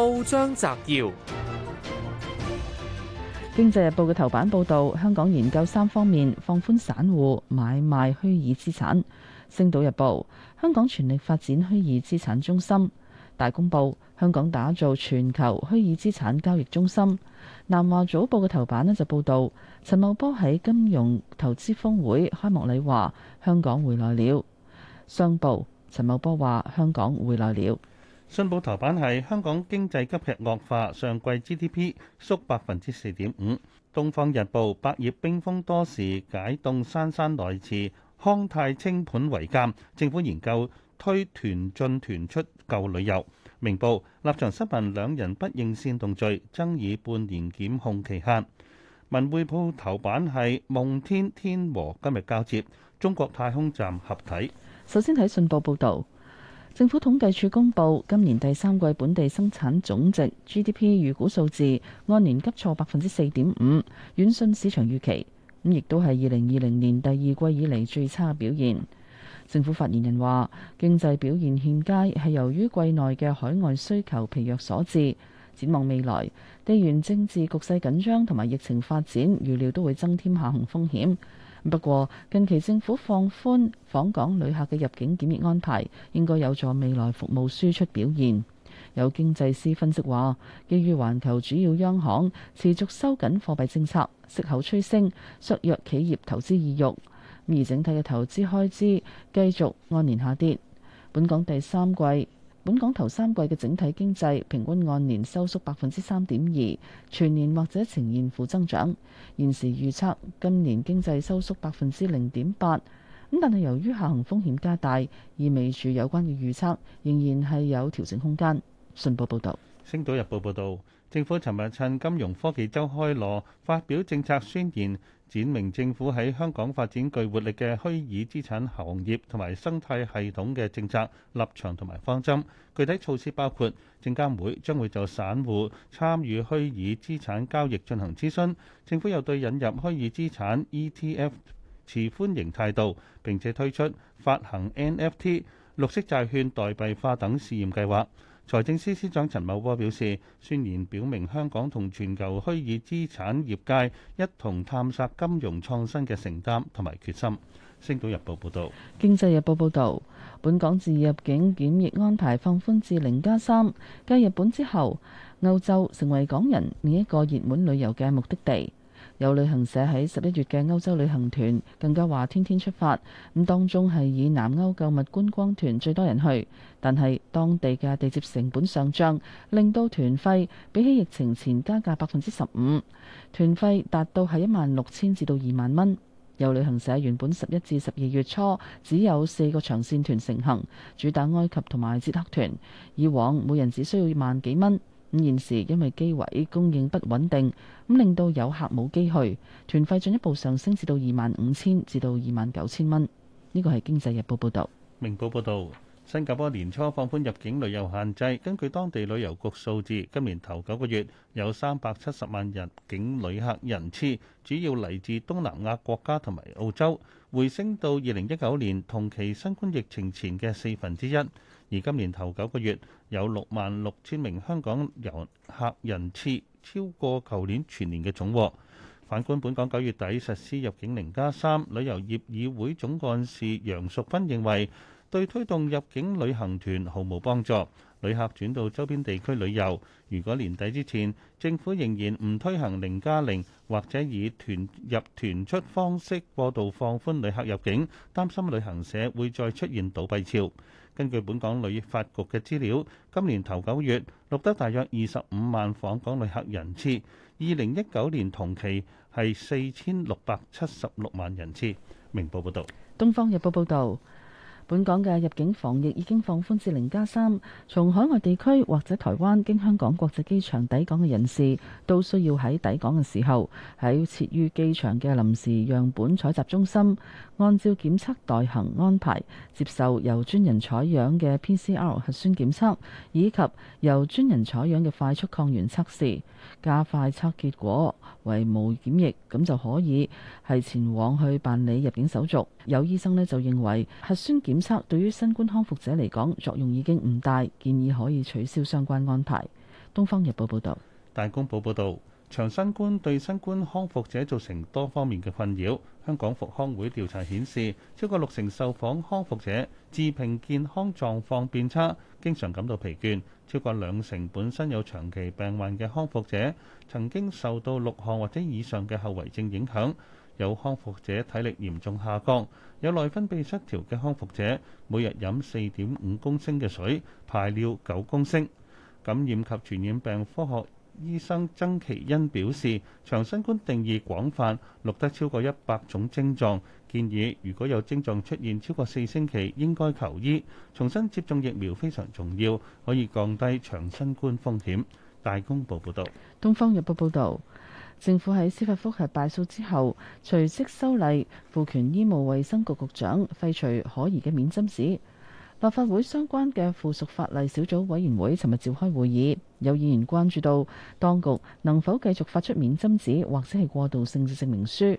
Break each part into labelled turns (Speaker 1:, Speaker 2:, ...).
Speaker 1: 報章摘要：經濟日報嘅頭版報道，香港研究三方面放寬散戶買賣虛擬資產。星島日報：香港全力發展虛擬資產中心。大公報：香港打造全球虛擬資產交易中心。南華早報嘅頭版呢就報道，陳茂波喺金融投資峰會開幕禮話，香港回來了。商報：陳茂波話，香港回來了。
Speaker 2: 信報頭版係香港經濟急劇惡化，上季 GDP 縮百分之四點五。東方日報，百業冰封多時解凍，珊珊來遲。康泰清盤違監，政府研究推團進團出救旅遊。明報，立場新聞，兩人不認煽動罪，爭議半年檢控期限。文匯報頭版係夢天天和今日交接，中國太空站合體。
Speaker 1: 首先睇信報報導。政府統計處公布今年第三季本地生產總值 GDP 預估數字，按年急挫百分之四點五。遠遜市場預期，咁亦都係二零二零年第二季以嚟最差表現。政府發言人話，經濟表現欠佳係由於季內嘅海外需求疲弱所致。展望未來，地緣政治局勢緊張同埋疫情發展，預料都會增添下行風險。不過，近期政府放寬訪港旅客嘅入境檢疫安排，應該有助未來服務輸出表現。有經濟師分析話，基於環球主要央行持續收緊貨幣政策，息口趨升，削弱企業投資意欲，而整體嘅投資開支繼續按年下跌。本港第三季本港頭三季嘅整體經濟平均按年收縮百分之三點二，全年或者呈現負增長。現時預測今年經濟收縮百分之零點八，咁但係由於下行風險加大，意味住有關嘅預測仍然係有調整空間。信報報道。
Speaker 2: 《星島日報》報道，政府尋日趁金融科技周開鑼發表政策宣言。展明政府喺香港發展具活力嘅虛擬資產行業同埋生態系統嘅政策立場同埋方針，具體措施包括證監會將會就散戶參與虛擬資產交易進行諮詢。政府又對引入虛擬資產 ETF 持歡迎態度，並且推出發行 NFT、綠色債券代幣化等試驗計劃。財政司司長陳茂波表示，宣言表明香港同全球虛擬資產業界一同探索金融創新嘅承擔同埋決心。星島日報報道。
Speaker 1: 經濟日報報道，本港自入境檢疫安排放寬至零加三，繼日本之後，歐洲成為港人另一個熱門旅遊嘅目的地。有旅行社喺十一月嘅歐洲旅行團更加話天天出發，咁當中係以南歐購物觀光團最多人去，但係當地嘅地接成本上漲，令到團費比起疫情前加價百分之十五，團費達到係一萬六千至到二萬蚊。有旅行社原本十一至十二月初只有四個長線團成行，主打埃及同埋捷克團，以往每人只需要萬幾蚊。咁現時因為機位供應不穩定，咁令到有客冇機去，團費進一步上升至到二萬五千至到二萬九千蚊。呢個係經濟日報報道。
Speaker 2: 明報報道，新加坡年初放寬入境旅遊限制，根據當地旅遊局數字，今年頭九個月有三百七十萬入境旅客人次，主要嚟自東南亞國家同埋澳洲，回升到二零一九年同期新冠疫情前嘅四分之一。而今年頭九個月有六萬六千名香港遊客人次，超過舊年全年嘅總和。反觀本港九月底實施入境零加三，3，旅遊業議會總幹事楊淑芬認為，對推動入境旅行團毫無幫助。旅客轉到周邊地區旅遊。如果年底之前政府仍然唔推行零加零，或者以團入團出方式過度放寬旅客入境，擔心旅行社會再出現倒閉潮。根據本港旅發局嘅資料，今年頭九月錄得大約二十五萬訪港旅客人次，二零一九年同期係四千六百七十六萬人次。明報報道。
Speaker 1: 東方日報報導。本港嘅入境防疫已經放寬至零加三，3, 從海外地區或者台灣經香港國際機場抵港嘅人士，都需要喺抵港嘅時候，喺設於機場嘅臨時樣本採集中心，按照檢測代行安排，接受由專人採樣嘅 PCR 核酸檢測，以及由專人採樣嘅快速抗原測試。加快測結果為無檢疫，咁就可以係前往去辦理入境手續，有醫生咧，就認為核酸檢。檢測對於新冠康復者嚟講作用已經唔大，建議可以取消相關安排。《東方日報》報道，
Speaker 2: 《大公報》報道，長新冠對新冠康復者造成多方面嘅困擾。香港復康會調查顯示，超過六成受訪康復者自評健康狀況變差，經常感到疲倦。超過兩成本身有長期病患嘅康復者曾經受到六項或者以上嘅後遺症影響。有康復者體力嚴重下降，有內分泌失調嘅康復者每日飲四點五公升嘅水，排尿九公升。感染及傳染病科學醫生曾祈殷表示，長新冠定義廣泛，錄得超過一百種症狀，建議如果有症狀出現超過四星期，應該求醫。重新接種疫苗非常重要，可以降低長新冠風險。大公報報導，
Speaker 1: 東方日報報導。政府喺司法覆核敗訴之後，隨即修例，賦權醫務衛生局局長廢除可疑嘅免針紙。立法會相關嘅附屬法例小組委員會尋日召開會議，有議員關注到，當局能否繼續發出免針紙，或者係過渡性質證明書？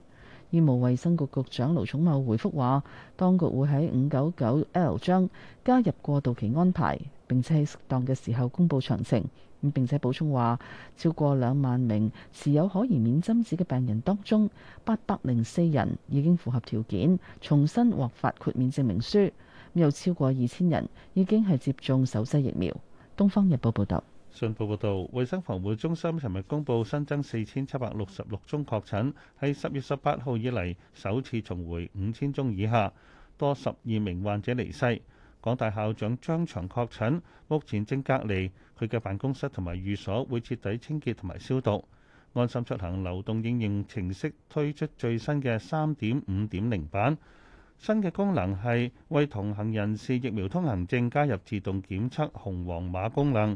Speaker 1: 醫務衛生局局長盧寵茂回覆話，當局會喺五九九 L 章加入過渡期安排，並且喺適當嘅時候公佈詳情。咁並且補充話，超過兩萬名持有可疑免針紙嘅病人當中，八百零四人已經符合條件，重新獲發豁免證明書，有超過二千人已經係接種首劑疫苗。《東方日報》報道，
Speaker 2: 《信報》報道，衛生防護中心尋日公布新增四千七百六十六宗確診，喺十月十八號以嚟首次重回五千宗以下，多十二名患者離世。港大校長張翔確診，目前正隔離。佢嘅辦公室同埋寓所會徹底清潔同埋消毒。安心出行流動應用程式推出最新嘅三點五點零版，新嘅功能係為同行人士疫苗通行證加入自動檢測紅黃碼功能。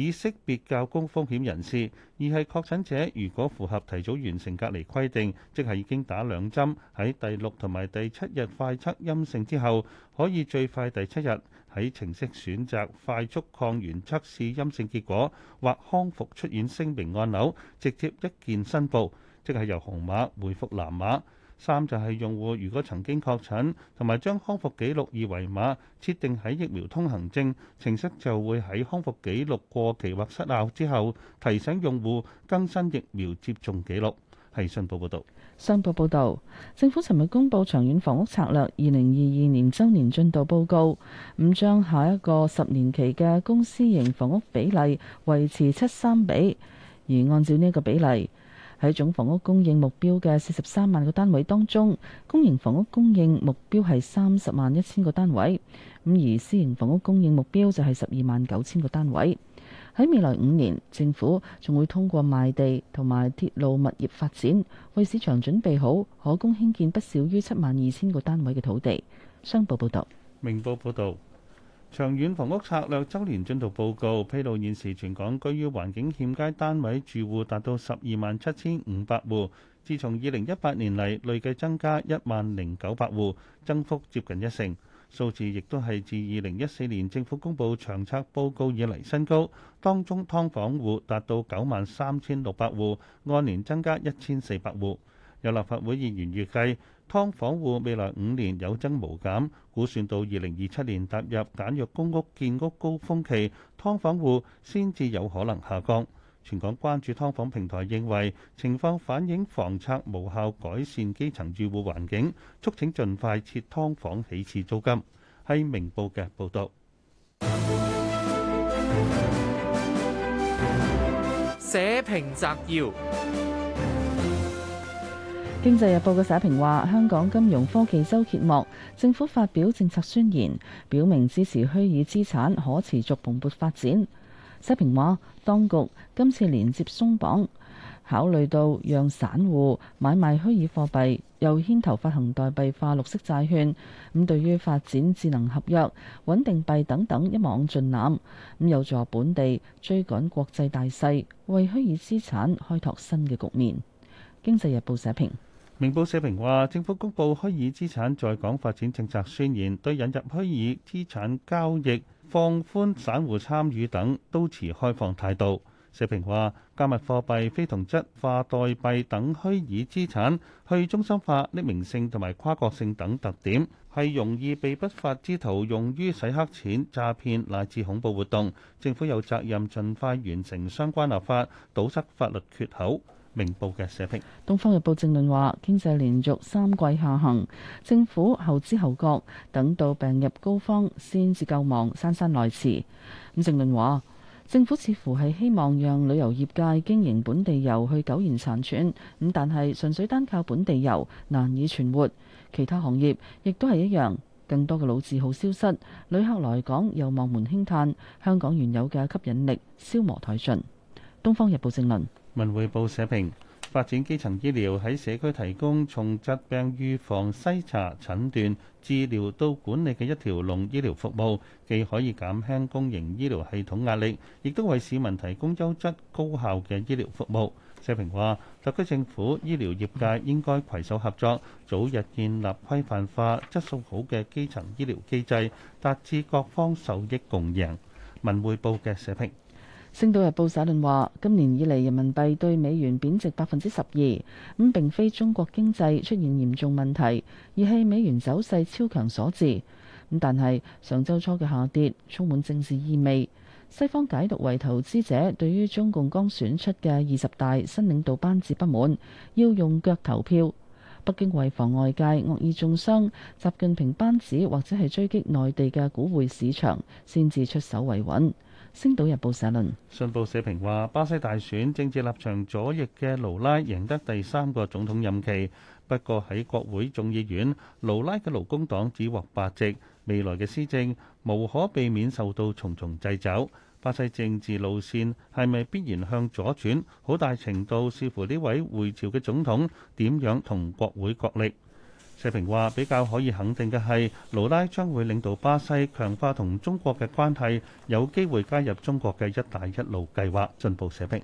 Speaker 2: 以識別較高風險人士，而係確診者，如果符合提早完成隔離規定，即係已經打兩針，喺第六同埋第七日快測陰性之後，可以最快第七日喺程式選擇快速抗原測試陰性結果或康復出院聲明按鈕，直接一鍵申報，即係由紅碼回覆藍碼。三就係用戶，如果曾經確診同埋將康復記錄二維碼設定喺疫苗通行證程式，就會喺康復記錄過期或失效之後提醒用戶更新疫苗接種記錄。係信報報導。
Speaker 1: 信報報導，政府尋日公布長遠房屋策略二零二二年周年進度報告，咁將下一個十年期嘅公私型房屋比例維持七三比，而按照呢個比例。喺總房屋供應目標嘅四十三萬個單位當中，公營房屋供應目標係三十萬一千個單位，咁而私營房屋供應目標就係十二萬九千個單位。喺未來五年，政府仲會通過賣地同埋鐵路物業發展，為市場準備好可供興建不少於七萬二千個單位嘅土地。商報報道。
Speaker 2: 明報報導。長遠房屋策略周年進度報告披露，現時全港居於環境欠佳單位住戶達到十二萬七千五百戶，自從二零一八年嚟累計增加一萬零九百戶，增幅接近一成。數字亦都係自二零一四年政府公布長策報告以嚟新高，當中劏房戶達到九萬三千六百戶，按年增加一千四百戶。有立法會議員預計。劏房戶未來五年有增無減，估算到二零二七年踏入簡約公屋建屋高峯期，劏房戶先至有可能下降。全港關注劏房平台認為情況反映房策無效改善基層住戶環境，促請盡快設劏房起始租金。係明報嘅報導。
Speaker 1: 社評摘要。經濟日報嘅社評話：香港金融科技周揭幕，政府發表政策宣言，表明支持虛擬資產可持續蓬勃發展。社評話，當局今次連接鬆綁，考慮到讓散戶買賣虛擬貨幣，又牽頭發行代幣化綠色債券，咁對於發展智能合約、穩定幣等等一網盡攬，咁有助本地追趕國際大勢，為虛擬資產開拓新嘅局面。經濟日報社評。
Speaker 2: 明報社評話，政府公布虛擬資產在港發展政策宣言，對引入虛擬資產交易、放寬散戶參與等都持開放態度。社評話，加密貨幣、非同質化代幣等虛擬資產，去中心化、匿名性同埋跨國性等特點，係容易被不法之徒用於洗黑錢詐騙乃至恐怖活動，政府有責任盡快完成相關立法，堵塞法律缺口。明報嘅社評。
Speaker 1: 《東方日報》正論話：經濟連續三季下行，政府後知後覺，等到病入膏肓先至救亡，姍姍來遲。咁正論話，政府似乎係希望讓旅遊業界經營本地遊去苟延殘喘，咁但係純粹單靠本地遊難以存活，其他行業亦都係一樣。更多嘅老字號消失，旅客來港又望門興嘆，香港原有嘅吸引力消磨殆盡。《東方日報》正論。
Speaker 2: 文匯報社評：發展基層醫療喺社區提供從疾病預防、篩查、診斷、治療到管理嘅一條龍醫療服務，既可以減輕公營醫療系統壓力，亦都為市民提供優質高效嘅醫療服務。社評話：特區政府、醫療業界應該攜手合作，早日建立規範化、質素好嘅基層醫療機制，達至各方受益共贏。文匯報嘅社評。
Speaker 1: 《星島日報》社論話，今年以嚟人民幣對美元貶值百分之十二，咁並非中國經濟出現嚴重問題，而係美元走勢超強所致。咁但係上週初嘅下跌充滿政治意味，西方解讀為投資者對於中共剛選出嘅二十大新領導班子不滿，要用腳投票。北京為防外界惡意中傷習近平班子或者係追擊內地嘅股匯市場，先至出手維穩。《星島日報》社論，
Speaker 2: 信報社評話：巴西大選政治立場左翼嘅盧拉贏得第三個總統任期，不過喺國會眾議院，盧拉嘅勞工黨只獲八席，未來嘅施政無可避免受到重重掣肘。巴西政治路線係咪必然向左轉？好大程度視乎呢位回朝嘅總統點樣同國會角力。社評話：比較可以肯定嘅係，盧拉將會領導巴西強化同中國嘅關係，有機會加入中國嘅「一帶一路」計劃，進步社評。